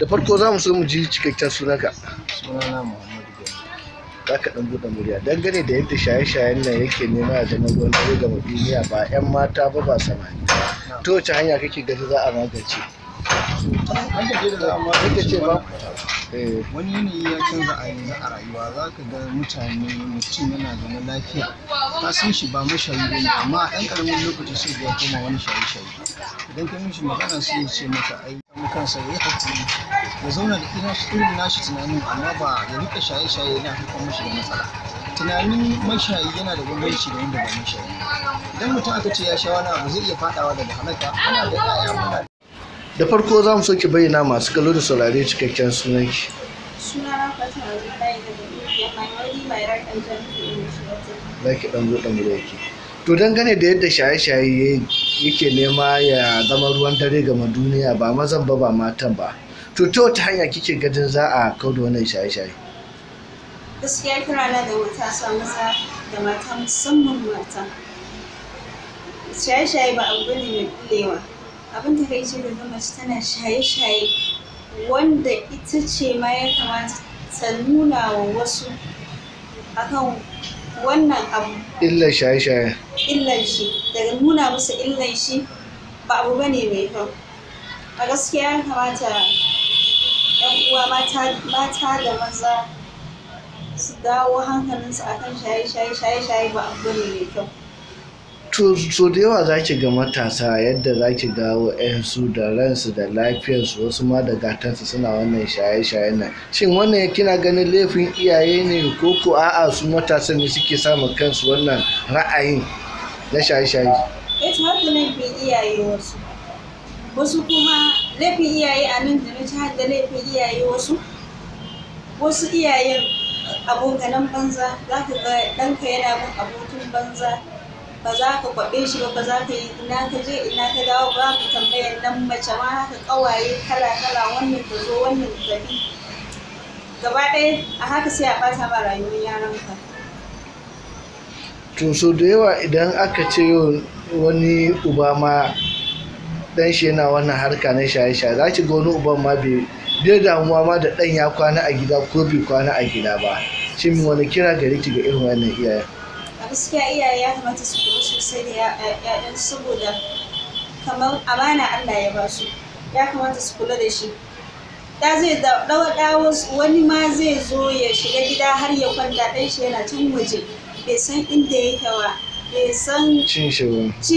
da farko za mu so mu ji cikakken sunanka sunana muhammadu gani za ka ɗan buɗe murya dangane da yadda shaye-shayen nan yake nema ya zama ruwan dare ga duniya ba 'yan mata ba ba samani ta wace hanya kake gani za a magance eh. wani yanayi ya canza a yanzu a rayuwa za ka ga mutane mutum yana zama lafiya ka san shi ba mashayi ba amma a ɗan ƙaramin lokaci sai ya koma wani shaye-shaye idan ka mishi magana sai ya ce maka ai mu kansa ya yi hakuri ya zauna da ina irin nashi tunanin amma ba ya rika shaye-shaye yana haifar mashi da matsala tunanin mashayi yana da bambanci da yadda ba mashayi idan mutum aka ce ya sha wani abu zai iya fadawa daga halaka ana da ɗaya muna da farko za mu soke bayyana masu kallo da saurare cikakken sunanki sunana fatima zai bayyana da mai wani mai rakan jami'in da shi wata ki ɗan zo ɗan yake to dangane da yadda shaye-shaye yake nema ya zama ruwan dare gama duniya ba mazan ba ba matan ba to ta wata hanya kike gadin za a kau da wannan shaye-shaye gaskiya kira na da wata sa maza da mata musamman mata shaye-shaye ba abu ne mai kulewa abin da kai ce da mace tana shaye-shaye wanda ita ce ma ya kamata ta nuna wa wasu akan wannan abu illan shaye-shaye Illan shi daga nuna musu illan shi ba abu bane mai kyau a gaskiya ya kamata yan uwa mata da maza su dawo hankalinsu akan shaye-shaye shaye-shaye ba abu bane mai kyau to so da yawa za ki ga matasa yadda za ki ga wa'yansu da ransu da lafiyarsu wasu ma da gatansu suna wannan shaye-shaye nan shin wannan kina ganin laifin iyaye ne ko ko a'a su matasan ne suke samun kansu wannan ra'ayin na shaye-shaye eh to har da laifin iyaye wasu wasu kuma laifin iyaye a nan da na ci har da laifin iyaye wasu wasu iyayen abokanan banza za ka ga ɗanka yana bin abokin banza ba za ka kwaɓe shi ba ba za ka yi ina ka je ina ka dawo ba ka tambayar nan mace ma haka ƙawaye kala kala wannan ta zo wannan ta bi gaba ɗaya a haka sai a ɓata ma rayuwar ka to so da yawa idan aka ce wani uba ma dan shi yana wannan harka na shaye-shaye za ki ga wani uban ma bai damuwa ma da ɗan ya kwana a gida ko bai kwana a gida ba shin wani kira gare ki ga irin wannan iyayen gaskiya iyaye ya kamata su kula sosai da ya'yan saboda kamar amana Allah ya ba su ya kamata su kula da shi da zai dawo wani ma zai zo ya shiga gida har ya kwanta ɗan shi yana tun waje bai san inda yake ba bai san cin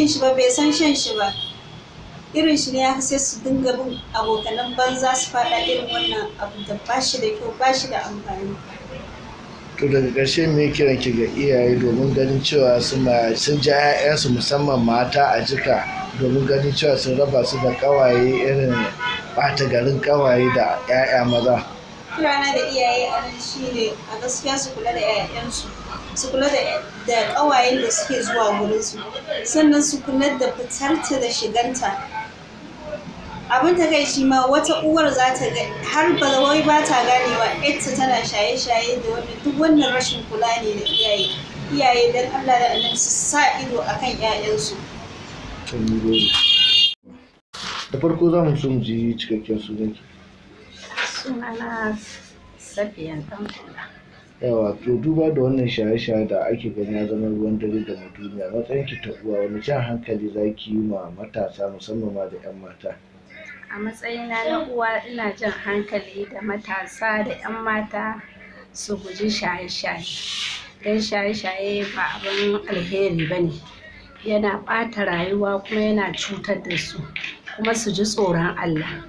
shi ba bai san shan shi ba irin shi ne ya sai su dinga bin abokanan banza su faɗa irin wannan abu da bashi da kyau ba shi da amfani to daga ƙarshe mai kiran ki ga iyaye domin ganin cewa sun ja 'ya'yansu musamman mata a jika domin ganin cewa sun raba su da ƙawaye irin ɓata garin ƙawaye da 'ya'ya maza kirana da iyaye a nan shine a gaskiya su kula da 'ya'yansu su kula da ƙawayen da suke zuwa gurinsu sannan su kula da fitarta da shiganta abin ta kai shi ma wata uwar za ta ga har ba wai ba ta ganewa ita tana shaye-shaye da wannan duk wannan rashin kula ne da iyaye iyaye dan Allah da annabi su sa ido akan 'ya'yansu. da farko za mu so ji cikakken sunan ki sunana safiyan dan yawa to duba da wannan shaye-shaye da ake gani ya zama ruwan dare da duniya matsayin ki ta uwa wani jan hankali za ki yi ma matasa musamman ma da 'yan mata A matsayina na uwa ina jan hankali da matasa da 'yan mata su guji shaye-shaye. Don shaye-shaye ba abin alheri ba ne. Yana ɓata rayuwa kuma yana cutar da su. Kuma su ji tsoron Allah,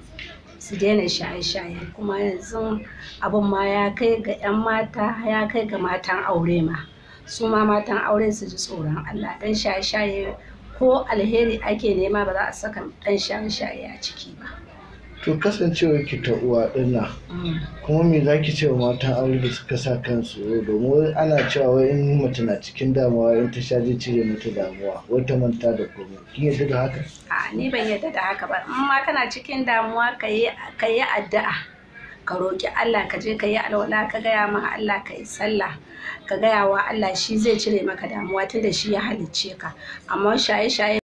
su daina shaye-shaye. Kuma yanzu abin ma ya kai ga 'yan mata, ya kai ga matan aure ma. Su ma matan aure su ji tsoron Allah don shaye-shaye. ko alheri ake nema ba za a saka ɗan shan shaye a ciki ba to kasancewa ki ta uwa dinna mm. kuma me za ki ce wa matan aure da suka sa kansu domin ana cewa wai in mutum na cikin damuwa in ta sha zai cire mata damuwa wata manta da komai kin yadda da haka a ni ban yadda da haka ba in ma kana cikin damuwa ka yi addu'a ka roƙi Allah ka je ka yi alwala ka gaya ma Allah ka yi sallah ka gaya wa Allah shi zai cire maka damuwa tunda shi ya halicce ka amma shaye-shaye